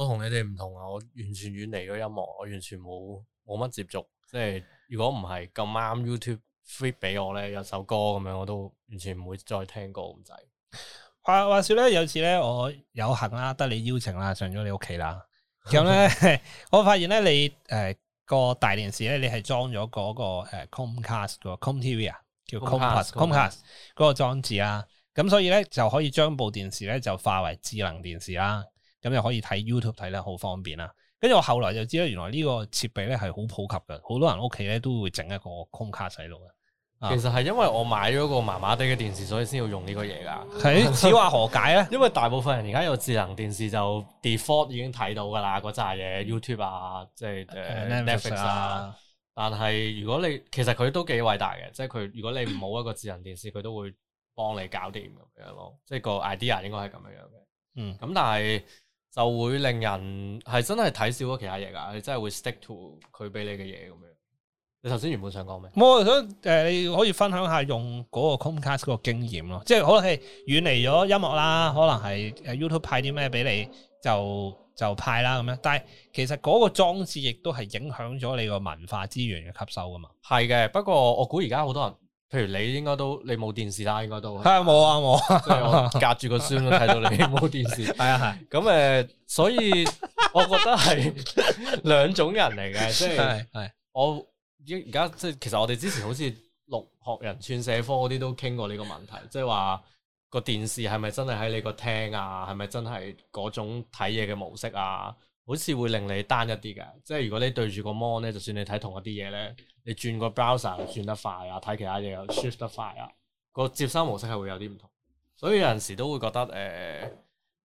我你同你哋唔同啊！我完全遠離咗音樂，我完全冇冇乜接觸。即係如果唔係咁啱 YouTube feed 俾我咧，有首歌咁樣，我都完全唔會再聽歌咁滯。話話說咧，有次咧，我有幸啦，得你邀請啦，上咗你屋企啦。咁咧，Okay. 我發現咧，你、呃、誒、那個大電視咧，你係裝咗嗰個誒 Comcast 個 Com, Com TV 啊，叫 Comcast 嗰個裝置啊。咁所以咧，就可以將部電視咧就化為智能電視啦。咁又可以睇 YouTube 睇咧，好方便啦。跟住我後來就知道，原來呢個設備咧係好普及嘅，好多人屋企咧都會整一個 Chromecast 嘅。其實係因為我買咗個麻麻地嘅電視，所以先要用呢個嘢㗎。此話何解咧？是 因為大部分人而家有智能電視，就 default 已經睇到㗎啦，嗰扎嘢 YouTube 啊，即係 Okay, Netflix 啊。Netflix 啊。但係如果你其實佢都幾偉大嘅，即係佢如果你冇一個智能電視，佢 都會幫你搞掂咁樣咯。即係個 idea 應該係咁樣樣嘅。嗯，咁但係。就會令人係真係睇少咗其他嘢噶！你真係會 stick to 佢俾你嘅嘢咁樣。你頭先原本想講咩？我想誒、呃，你可以分享下用嗰個 Chromecast 嗰個經驗咯。即係可能係遠離咗音樂啦，可能係誒 YouTube 派啲咩俾你，就就派啦咁樣。但係其實嗰個裝置亦都係影響咗你個文化資源嘅吸收噶嘛。係嘅，不過我估而家好多人。譬如你應該都你冇電視啦，應該都係冇啊冇啊，我 即係我隔住個簾都睇到你冇電視。係啊係。咁誒、 嗯，所以我覺得係兩種人嚟嘅，即係我而家即係其實我哋之前好似六學人串社科嗰啲都傾過呢個問題，即係話個電視係咪真係喺你個廳啊？係咪真係嗰種睇嘢嘅模式啊？好似會令你單一啲嘅，即係如果你對住個 mon 咧，就算你睇同一啲嘢咧，你轉個 browser 又轉得快啊，睇其他嘢又 shift 得快啊，個接收模式係會有啲唔同，所以有陣時都會覺得誒、呃、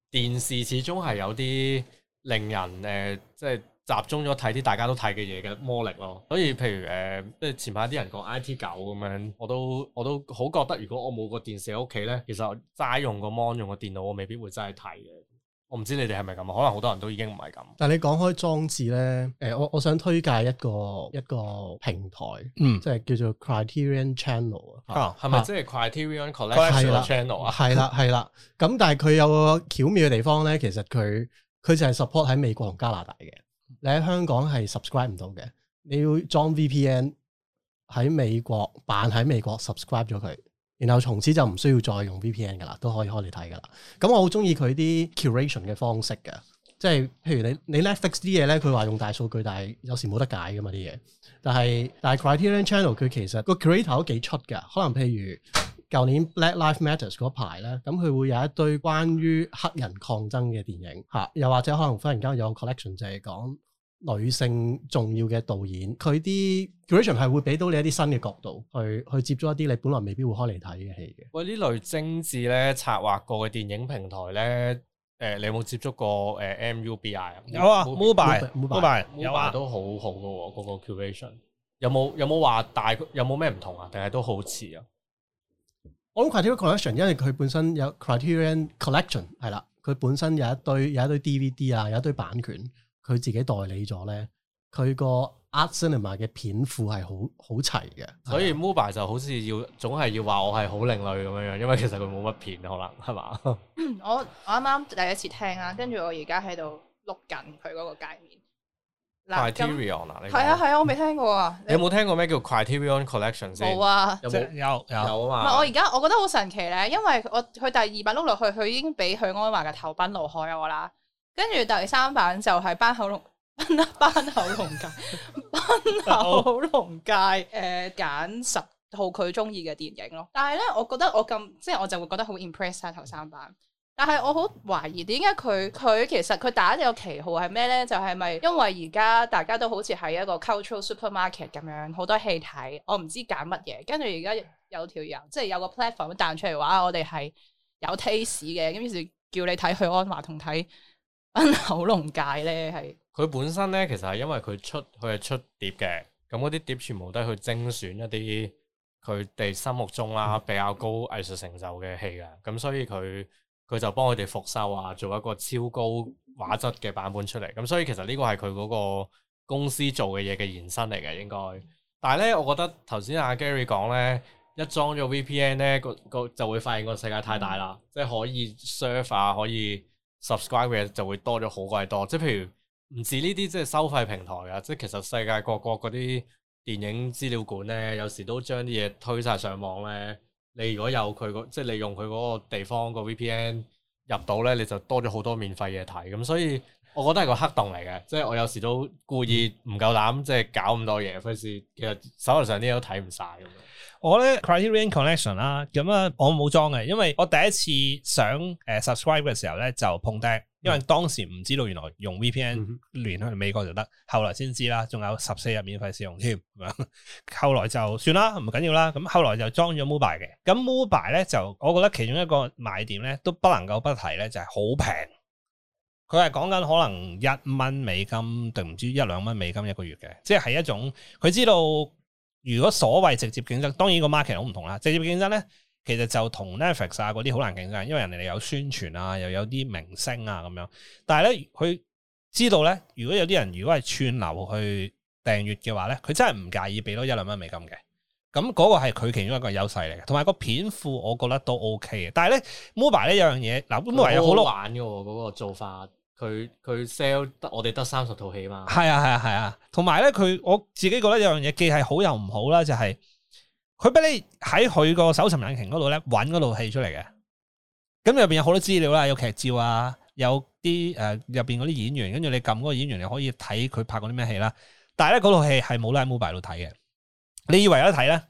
電視始終係有啲令人誒、呃、即係集中咗睇啲大家都睇嘅嘢嘅魔力咯。所以譬如誒，即、呃、係前排啲人講 I T 九咁樣，我都我都好覺得，如果我冇個電視喺屋企咧，其實齋用個 mon 用個電腦，我未必會真係睇嘅。我唔知你哋係咪咁，可能好多人都已經唔係咁。但係你講開裝置咧，誒、呃，我我想推介一個一個平台，嗯，即係叫做 Criterion Channel 啊，係咪即係 Criterion Collection Channel 啊？係啦係啦，咁但係佢有個巧妙嘅地方咧，其實佢佢就係 support 喺美國同加拿大嘅，你喺香港係 subscribe 唔到嘅，你要裝 VPN 喺美國扮喺美國 subscribe 咗佢。然後從此就唔需要再用 VPN 噶啦，都可以開嚟睇噶啦。咁、嗯、我好中意佢啲 curation 嘅方式嘅，即係譬如你你 Netflix 啲嘢咧，佢話用大數據，但係有時冇得解噶嘛啲嘢。但係但係 Criterion Channel 佢其實個 curator 都幾出噶，可能譬如舊年 Black Lives Matters 嗰排呢，咁佢會有一堆關於黑人抗爭嘅電影，啊、又或者可能忽然間有個 collection 就係講女性重要嘅導演，佢啲 curation 係會俾到你一啲新嘅角度，去去接觸一啲你本來未必會開嚟睇嘅戲嘅。喂，呢類精緻咧，策劃過嘅電影平台咧，誒，你有冇接觸過誒 MUBI？有啊，Mubi，Mubi，Mubi 都好好嘅喎，嗰個 curation 有冇有冇話大，有冇咩唔同啊？定係都好似啊？我講 Criterion Collection，因為佢本身有 Criterion Collection 係啦，佢本身有一堆有一堆 DVD 啊，有一堆版權。佢自己代理咗咧，佢個 Art Cinema 嘅片庫係好好齊嘅，所以 MUBI 就好似要總係要話我係好另類咁樣樣，因為其實佢冇乜片可能係嘛？我我啱啱第一次聽啦，跟住我而家喺度 look 緊佢嗰個界面。Criterion 啊，係啊係啊，我未聽過啊。你有冇聽過咩叫 Criterion Collections？冇啊，有有啊嘛。唔係我而家我覺得好神奇咧，因為我佢第二版碌落去，佢已經俾許安華嘅投奔怒海開我啦。跟住第三版就係班口龍， 班口龍街， 班口龍街，誒揀十套佢中意嘅電影咯。但係咧，我覺得我咁，即係我就會覺得好 impress 晒頭三版。但係我好懷疑點解佢佢其實佢打呢個旗號係咩咧？就係、是、咪因為而家大家都好似係一個 cultural supermarket 咁樣，好多戲睇，我唔知揀乜嘢。跟住而家有條友，即係有個 platform 彈出嚟話，我哋係有 taste 嘅，咁於是叫你睇許鞍華同睇。嗯、口龍界咧，係佢本身咧，其實係因為佢出佢係出碟嘅，咁嗰啲碟全部都係佢精選一啲佢哋心目中啦比較高藝術成就嘅戲嘅，咁、嗯、所以佢佢就幫佢哋復修啊，做一個超高畫質嘅版本出嚟，咁、嗯、所以其實呢個係佢嗰個公司做嘅嘢嘅延伸嚟嘅，應該。但係咧，我覺得頭先阿 Gary 講咧，一裝咗 VPN 咧，個個就會發現個世界太大啦，即係可以 server 可以。subscribe 嘅就會多咗好鬼多，即係譬如唔似呢啲即係收費平台啊，即係其實世界各國嗰啲電影資料館呢，有時都將啲嘢推晒上網呢。你如果有佢個，即係你用佢嗰個地方個 VPN 入到呢，你就多咗好多免費嘢睇。咁所以我覺得係個黑洞嚟嘅，即係我有時都故意唔夠膽即係搞咁多嘢，費事其實手頭上啲嘢都睇唔晒。咁我咧 Criterion Collection 啦，咁啊我冇裝嘅，因為我第一次想誒 subscribe 嘅時候咧就碰釘，因為當時唔知道原來用 VPN 連去美國就得，後來先知啦，仲有十四日免費試用添，咁、啊、樣，後來就算啦，唔緊要啦，咁後來就裝咗 MUBI 嘅，咁 MUBI 咧就我覺得其中一個賣點咧都不能夠不提咧就係好平，佢係講緊可能一蚊美金定唔知一兩蚊美金一個月嘅，即係一種佢知道。如果所謂直接競爭，當然個 market 好唔同啦。直接競爭咧，其實就同 Netflix 啊嗰啲好難競爭，因為人哋哋有宣傳啊，又有啲明星啊咁樣。但係咧，佢知道咧，如果有啲人如果係串流去訂閱嘅話咧，佢真係唔介意俾多一兩蚊美金嘅。咁、那、嗰個係佢其中一個優勢嚟嘅，同埋個片庫我覺得都 OK 嘅。但係咧 MUBI 咧有樣嘢嗱，MUBI 有好多玩嘅嗰、啊那個做法。佢佢 sell 得我哋得三十套戲嘛？係啊，係啊，係啊！同埋咧，佢、啊、我自己覺得有樣嘢，既係好又唔好啦，就係佢俾你喺佢個搜尋引擎嗰度咧，揾嗰套戲出嚟嘅。咁入邊有好多資料啦，有劇照啊，有啲誒入邊嗰啲演員，跟住你撳嗰個演員，你可以睇佢拍過啲咩戲啦。但係咧嗰套戲係冇拉冇 MUBI 度睇嘅。你以為有得睇咧，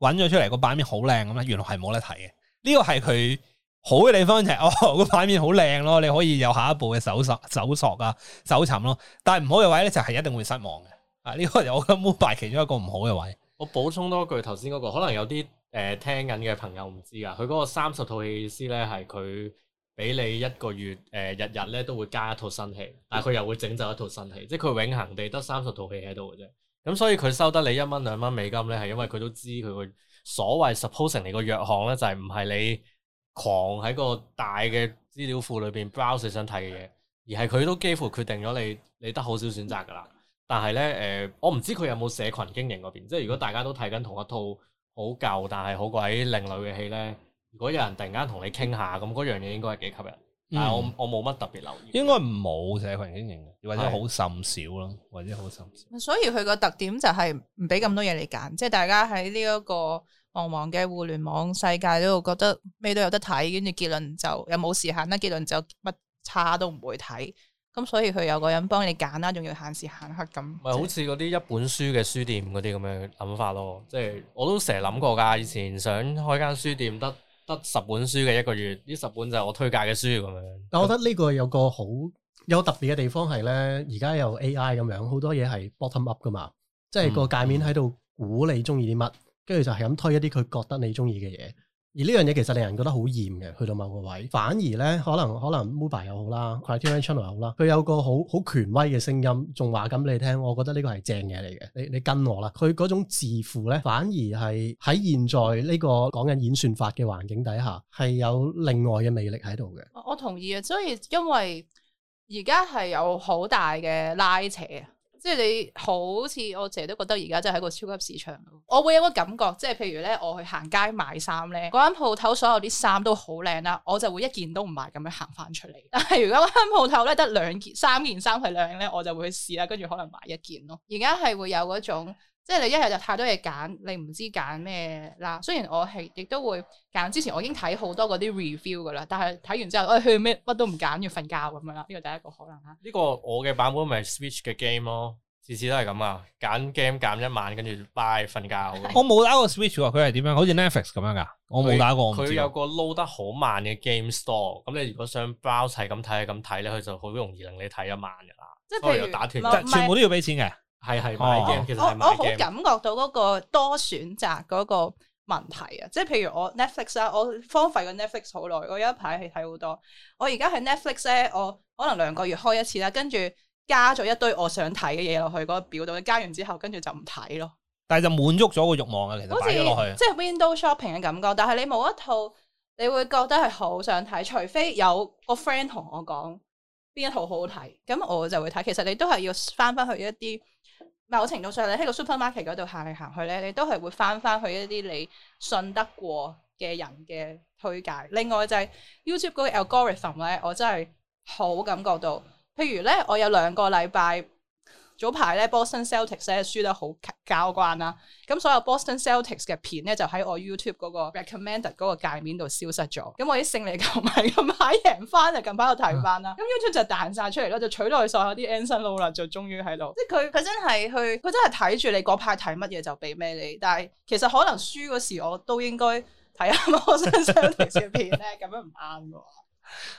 揾咗出嚟個版面好靚咁啊？原來係冇得睇嘅。呢個係佢。好嘅地方就係、是、哦，個版面好靚咯，你可以有下一步嘅搜索、搜索啊、搜尋咯。但係唔好嘅位咧就係一定會失望嘅。啊，呢、這個我覺得 MUBI 其中一個唔好嘅位。我補充多句頭先嗰個，可能有啲誒、呃、聽緊嘅朋友唔知啊，佢嗰個三十套戲意思咧係佢俾你一個月誒、呃、日日咧都會加一套新戲，但係佢又會整走一套新戲，即係佢永恒地得三十套戲喺度嘅啫。咁所以佢收得你一蚊兩蚊美金咧，係因為佢都知佢個所謂 supposing、like, 你個弱項咧，就係唔係你。狂喺個大嘅資料庫裏邊 browse 你想睇嘅嘢，而係佢都幾乎決定咗你，你得好少選擇噶啦。但係呢，誒、呃，我唔知佢有冇社群經營嗰邊，即係如果大家都睇緊同一套好舊但係好鬼另類嘅戲呢，如果有人突然間同你傾下，咁嗰樣嘢應該係幾吸引。但係我我冇乜特別留意、嗯，應該冇社群經營，或者好甚少咯，或者好甚少。是。甚少，所以佢個特點就係唔俾咁多嘢你揀，即係大家喺呢一個。茫茫嘅互聯網世界都覺得咩都有得睇，跟住結論就又冇時限啦。結論就乜差都唔會睇。咁所以佢有個人幫你揀啦，仲要限時限刻咁。咪好似嗰啲一本書嘅書店嗰啲咁樣諗法咯。即係我都成日諗過㗎，以前想開間書店，得得十本書嘅一個月，呢十本就係我推介嘅書咁樣。但我覺得呢個有個好有個特別嘅地方係咧，而家有 A.I. 咁樣，好多嘢係 bottom up 噶嘛，即係個界面喺度估你中意啲乜。嗯嗯跟住就係咁推一啲佢覺得你中意嘅嘢，而呢樣嘢其實令人覺得好厭嘅，去到某個位，反而呢，可能可能 MUBI 又好啦 Criterion Channel 又好啦，佢有個好好權威嘅聲音，仲話咁俾你聽，我覺得呢個係正嘢嚟嘅，你你跟我啦，佢嗰種自負呢，反而係喺現在呢個講緊演算法嘅環境底下，係有另外嘅魅力喺度嘅。我同意啊，所以因為而家係有好大嘅拉扯啊。即係你好似我成日都覺得而家真係喺個超級市場，我會有個感覺，即係譬如咧，我去行街買衫咧，嗰間鋪頭所有啲衫都好靚啦，我就會一件都唔買咁樣行翻出嚟。但係如果嗰間鋪頭咧得兩件、三件衫係靚咧，我就會去試啦，跟住可能買一件咯。而家係會有嗰種。即係你一日就太多嘢揀，你唔知揀咩啦。雖然我係亦都會揀之前，我已經睇好多嗰啲 review 噶啦，但係睇完之後，哎去咩乜都唔揀，要瞓覺咁樣啦。呢個第一個可能吓。呢個我嘅版本咪 Switch 嘅 game 咯，次次都係咁啊，揀 game 揀一晚，跟住 buy 瞓覺。我冇打過 Switch 喎，佢係點樣？好似 Netflix 咁樣噶，所以我冇打過。佢有個 load 得好慢嘅 Game Store，咁你如果想包齊咁睇，咁睇咧，佢就好容易令你睇一晚噶啦。即係打斷，但係全部都要俾錢嘅。係係買嘅，哦、其實我我好感覺到嗰個多選擇嗰個問題啊，即係譬如我 Netflix 啊 Net，我荒廢個 Netflix 好耐，我有一排係睇好多。我而家係 Netflix 咧，我可能兩個月開一次啦，跟住加咗一堆我想睇嘅嘢落去嗰個表度。你加完之後，跟住就唔睇咯。但係就滿足咗個慾望嘅其實好似即係 window shopping 嘅感覺。但係你冇一套，你會覺得係好想睇，除非有個 friend 同我講邊一套好好睇，咁我就會睇。其實你都係要翻翻去一啲。某程度上，你喺個 supermarket 嗰度行嚟行去，走去你都係會翻翻去一啲你信得過嘅人嘅推介。另外就係、是、YouTube 嗰個 algorithm 我真係好感覺到。譬如呢，我有兩個禮拜。早排咧 Boston Celtics 咧輸得好交關啦，咁所有 Boston Celtics 嘅片咧就喺我 YouTube 嗰個 recommended 嗰個界面度消失咗。咁我啲勝利球迷咁喺贏翻，就近排又睇翻啦。咁、嗯、YouTube 就彈晒出嚟咯，就取代去所有啲 Anson Lo 啦，就終於喺度。即係佢佢真係去佢真係睇住你嗰排睇乜嘢就俾咩你，但係其實可能輸嗰時我都應該睇下，Boston Celtics 嘅片咧咁樣唔啱咯。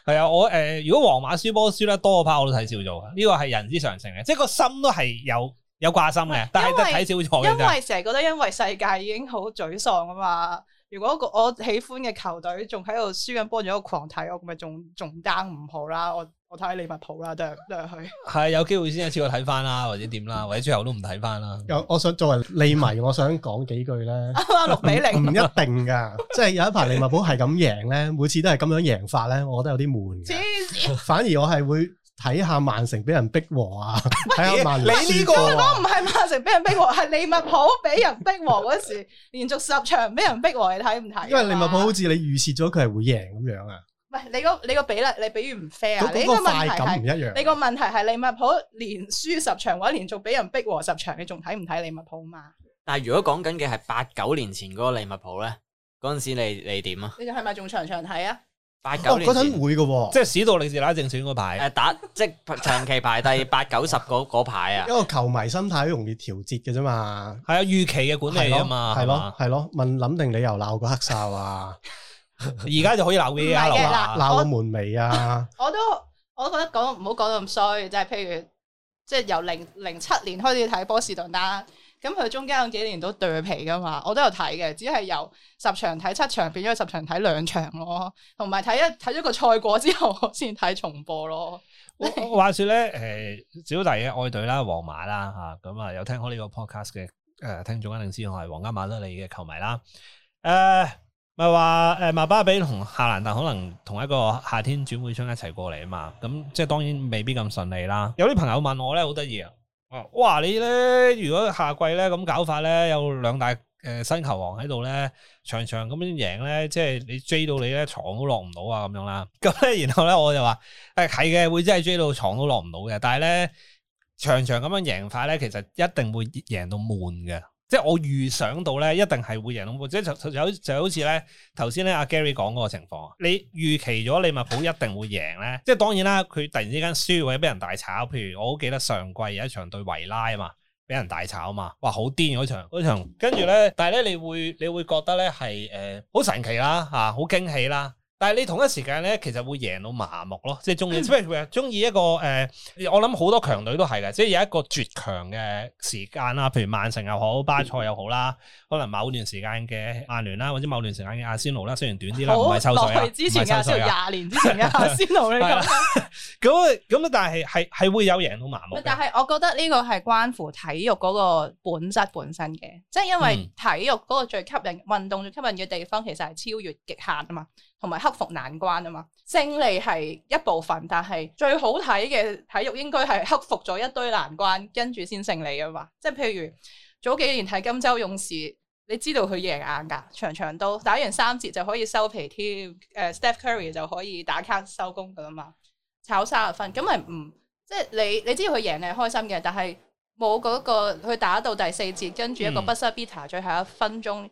係啊，我誒、呃，如果皇馬輸波輸得多個 part 我都睇少咗，呢個係人之常情嘅，即係個心都係有有掛心嘅，但係都睇少咗，因為成日覺得因為世界已經好沮喪啊嘛。如果我我喜歡嘅球隊仲喺度輸緊波，咗個狂睇，我咪仲仲爭唔好啦！我我睇利物浦啦，都係都係去。係 有機會先一次我睇翻啦，或者點啦，或者最後都唔睇翻啦。有我想作為利迷，我想講幾句咧。六比零唔一定㗎， 即係有一排利物浦係咁贏咧，每次都係咁樣贏法咧，我覺得有啲悶。黐 反而我係會。睇下曼城俾人逼和啊！睇下 曼 你呢個我唔係曼城俾人逼和，係 利物浦俾人逼和嗰時， 連續十場俾人逼和，你睇唔睇？因為利物浦好似你預設咗佢係會贏咁樣啊？喂，你、你個你個比例你比唔 fair 啊？嗰個快感唔一樣。你個問題係利物浦連輸十場或者連續俾人逼和十場，你仲睇唔睇利物浦嘛？但係如果講緊嘅係八九年前嗰個利物浦咧，嗰陣時你你點啊？你就係咪仲場場睇啊？ 八九哦，嗰陣會嘅、啊 呃，即係史道力士拉政選嗰排，誒打即係長期排第八九十嗰嗰排啊，因 個球迷心態好容易調節嘅啫嘛，係啊預期嘅管理啊嘛，係咯係咯，問諗定理由鬧個黑哨啊，而家就可以鬧 V R 鬧鬧個門尾啊， 我都我都覺得講唔好講到咁衰，即係譬如即係由零零七年開始睇波士頓單。咁佢中間有幾年都對皮噶嘛，我都有睇嘅，只係由十場睇七場，變咗十場睇兩場咯，同埋睇一睇咗個賽果之後先睇 重播咯。 話說咧，誒、呃、小弟嘅愛隊啦，皇馬啦嚇，咁啊，啊有聽開呢個 podcast 嘅誒、呃、聽眾一定知我係皇家馬德里嘅球迷啦。誒咪話誒馬巴比同夏蘭特可能同一個夏天轉會窗一齊過嚟啊嘛，咁即係當然未必咁順利啦。有啲朋友問我咧，好得意啊！哇！你咧如果下季咧咁搞法咧，有兩大誒、呃、新球王喺度咧，場場咁樣贏咧，即係你追到你咧床都落唔到啊咁樣啦。咁咧然後咧我就話誒係嘅，會真係追到床都落唔到嘅。但係咧場場咁樣贏法咧，其實一定會贏到悶嘅。即係我預想到咧，一定係會贏，或者就就就好似咧頭先咧阿 Gary 講嗰個情況啊，你預期咗利物浦一定會贏咧，即係當然啦，佢突然之間輸或者俾人大炒，譬如我好記得上季有一場對維拉啊嘛，俾人大炒啊嘛，哇好癲嗰場嗰場，跟住咧，但係咧你會你會覺得咧係誒好神奇啦嚇，好啊，好驚喜啦～但係你同一時間咧，其實會贏到麻木咯，即係中意，中意一個誒、呃，我諗好多強隊都係嘅，即係有一個絕強嘅時間啦，譬如曼城又好，巴塞又好啦，可能某段時間嘅阿聯啦，或者某段時間嘅阿仙奴啦，雖然短啲啦，唔係抽水啊，唔係抽水，之前嘅阿仙奴，廿年之前嘅阿仙奴，咁咁，但係係係會有贏到麻木。但係我覺得呢個係關乎體育嗰個本質本身嘅，即係因為體育嗰個最吸引、運動最吸引嘅地方，其實係超越極限啊嘛～同埋克服難關啊嘛，勝利係一部分，但係最好睇嘅體育應該係克服咗一堆難關，跟住先勝利啊嘛。即係譬如早幾年睇金州勇士，你知道佢贏硬噶，場場都打完三節就可以收皮添。誒、呃，Steph Curry 就可以打卡收工噶啦嘛，炒三十分咁，咪唔即係你你知道佢贏你係開心嘅，但係冇嗰個佢打到第四節，跟住一個 buzzer beater 最後一分鐘。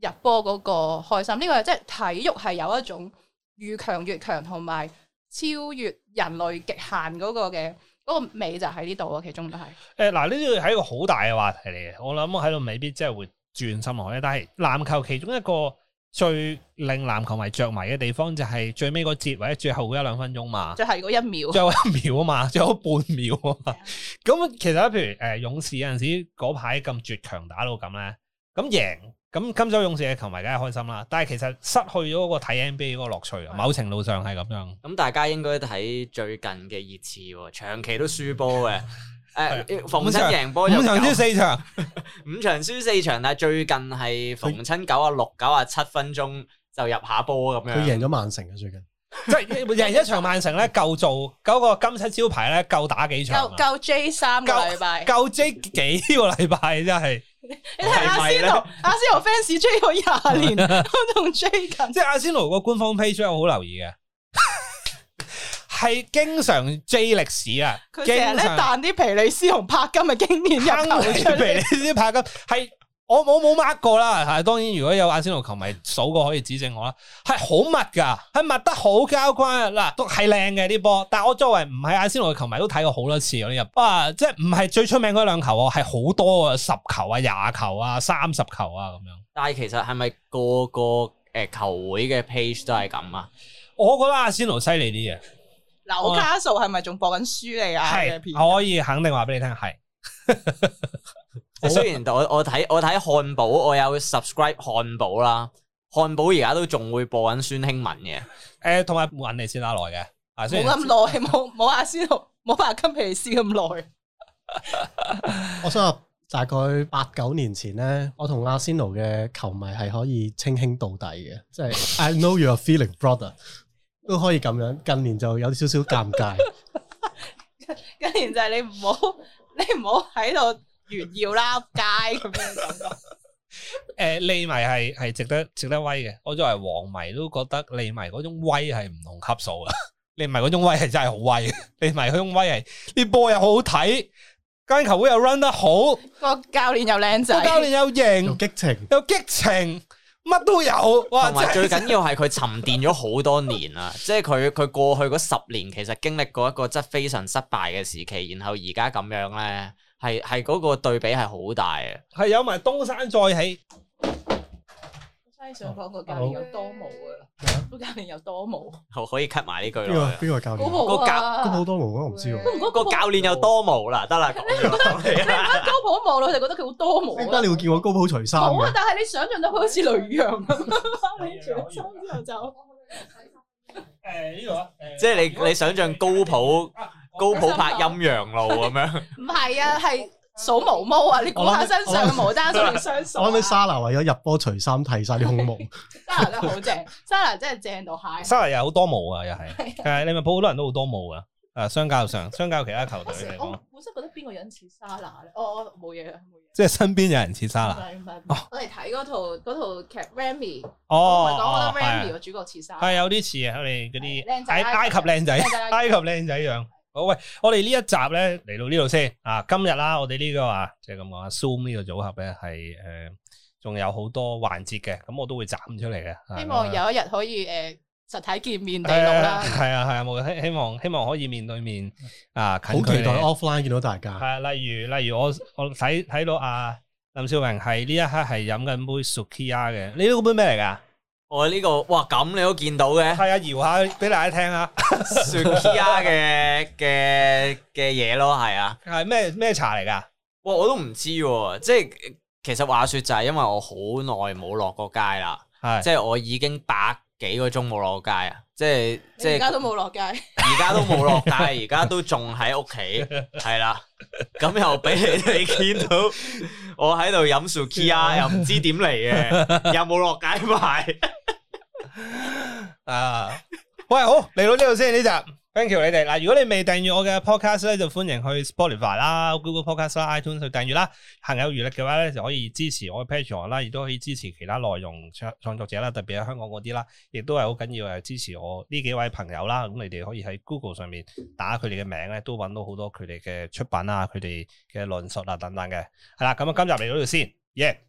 入波嗰、那個開心、這個，呢個即係體育係有一種越強越強，同埋超越人類極限嗰個嘅嗰、那個美就喺呢度咯，其中都係。誒、欸，嗱，呢度係一個好大嘅話題嚟嘅，我諗喺度未必即係會轉心落去，但係籃球其中一個最令籃球迷着迷嘅地方就係最尾個節或者最後一兩分鐘嘛，最後嗰一,一秒，最後一秒啊嘛，最後半秒啊嘛，咁的其實譬如誒、呃、勇士有陣時嗰排咁絕強打到咁咧，咁贏。咁金州勇士嘅球迷梗係開心啦，但係其實失去咗個睇 NBA 嗰個樂趣啊，某程度上係咁樣。咁、嗯、大家應該睇最近嘅熱刺，長期都輸波嘅，誒、 呃，逢親贏波，五場輸四場， 五場輸四場，但係最近係逢親九啊六、九啊七分鐘就入下波咁樣。佢贏咗曼城啊，最近即係贏一場曼城咧，夠做嗰個金漆招牌咧，夠打幾場，夠夠 J 三個禮拜，夠 J 幾個禮拜，真係。你睇下阿仙奴，是是阿仙奴 fans 追我廿年，我仲 追緊，即係阿仙奴個官方 page 我好留意嘅，係 經常 J 歷史啊，佢成日咧彈啲皮里斯同柏金嘅經典入球出嚟，皮里斯、柏金係。我我冇 mark 過啦，係當然如果有阿仙奴球迷數過可以指正我啦，係好密噶，係密得好交關嗱，都係靚嘅啲波，但係我作為唔係阿仙奴嘅球迷都睇過好多次嗰啲入波啊，即係唔係最出名嗰兩球，球啊，係好多啊十球啊廿球啊三十球啊咁樣。但係其實係咪個個誒、呃、球會嘅 page 都係咁啊？我覺得阿仙奴犀利啲啊！劉家數係咪仲播緊書嚟啊？係是可以肯定話俾你聽係。 雖然我我睇我睇漢堡，我有 subscribe 漢堡啦，漢堡而家都仲會播緊孫興文嘅。誒、欸，同埋唔係先打耐嘅，冇咁耐，冇冇、啊、阿仙奴，冇阿金皮斯咁耐 我想話大概八九年前咧，我同阿仙奴嘅球迷係可以稱兄道弟嘅，即、就、係、是、I know you are feeling brother， 都可以咁樣。近年就有少少尷尬。近年 就係你唔好，你唔好喺度。炫耀啦，街咁樣感覺。誒、 呃，利迷係係值得值得威嘅。我作為黃迷都覺得利迷嗰種威係唔同級數啊。 利迷嗰種威係真係好威 利迷嗰種威係，啲波又好好睇，間球會又 run 得好，個教練又靚仔，個教練又型， 又有激情，又激情，乜都有。同埋最緊要係佢沉澱咗好多年啦，即係佢佢過去嗰十年其實經歷過一個真係非常失敗嘅時期，然後而家咁樣咧。係係嗰個對比係好大嘅，係有埋東山再起。我翻去上堂個教練有多毛噶啦，個教練有多毛。可可以 cut 埋呢句咯。邊個邊個教練？高普高普多毛我唔知喎。個教練有多毛啦，得啦。你你高普望落就覺得佢好多毛。點解你會見我高普除衫？冇啊！但係你想象到佢好似女樣，你除咗衫之後就誒呢度啊。即係你你想象高普。高普拍陰陽路咁樣，唔係啊，係數毛毛啊！你估下身上的毛渣都唔想數。我諗啲沙拿為咗入波除衫，剃晒啲胸毛。沙拿都好正，沙拿真係正到蟹。沙拿又好多毛啊，又係。係你咪普好多人都好多毛啊！啊，相較上，相較其他球隊我本身覺得邊個人似沙拿咧？哦，冇嘢啊，冇嘢。即係身邊有人似沙拿。我哋睇嗰套套劇 Remy，我咪講嗰 Remy 個主角似莎。係有啲似啊，我哋嗰啲埃及靚仔，埃及靚仔樣。哦、喂，我哋呢一集咧嚟到呢度先啊！今日啦，我哋呢、這個啊，即係咁講啊，Zoom 呢個組合咧係誒，仲、呃、有好多環節嘅，咁我都會斬出嚟嘅。希望有一日可以誒、呃，實體見面第六啦，係啊係啊，無、啊啊、希望希望可以面對面啊，好期待 offline 見到大家。係啊，例如例如我我睇睇到啊林少明係呢一刻係飲緊杯 Sukiya 嘅，你呢杯咩嚟噶？我呢、這個哇，咁你都見到嘅，係啊搖下俾大家聽啊 ，Sukiya 嘅嘅嘅嘢咯，係啊，係咩咩茶嚟噶？哇我都唔知，即係其實話說就係因為我好耐冇落過街啦，係是即係我已經百幾個鐘冇落過街啊，即係即係而家都冇落街，而家 都冇落街，而家都仲喺屋企，係啦， 咁又俾你哋見到我喺度飲 Sukiya 又唔知點嚟嘅，又冇落街買。 啊，喂，好嚟到呢度先呢集，thank you 你哋嗱，如果你未訂閱我嘅 podcast 咧，就歡迎去 Spotify 啦、Google Podcast 啦、iTunes 去訂閱啦。行有餘力嘅話咧，就可以支持我嘅 Patreon 我啦，亦都可以支持其他內容創創作者啦，特別喺香港嗰啲啦，亦都係好緊要誒，支持我呢幾位朋友啦。咁你哋可以喺 Google 上面打佢哋嘅名咧，都揾到好多佢哋嘅出品啊、佢哋嘅論述啊等等嘅。係、啊、啦，咁啊今集嚟到呢度先，耶、yeah.！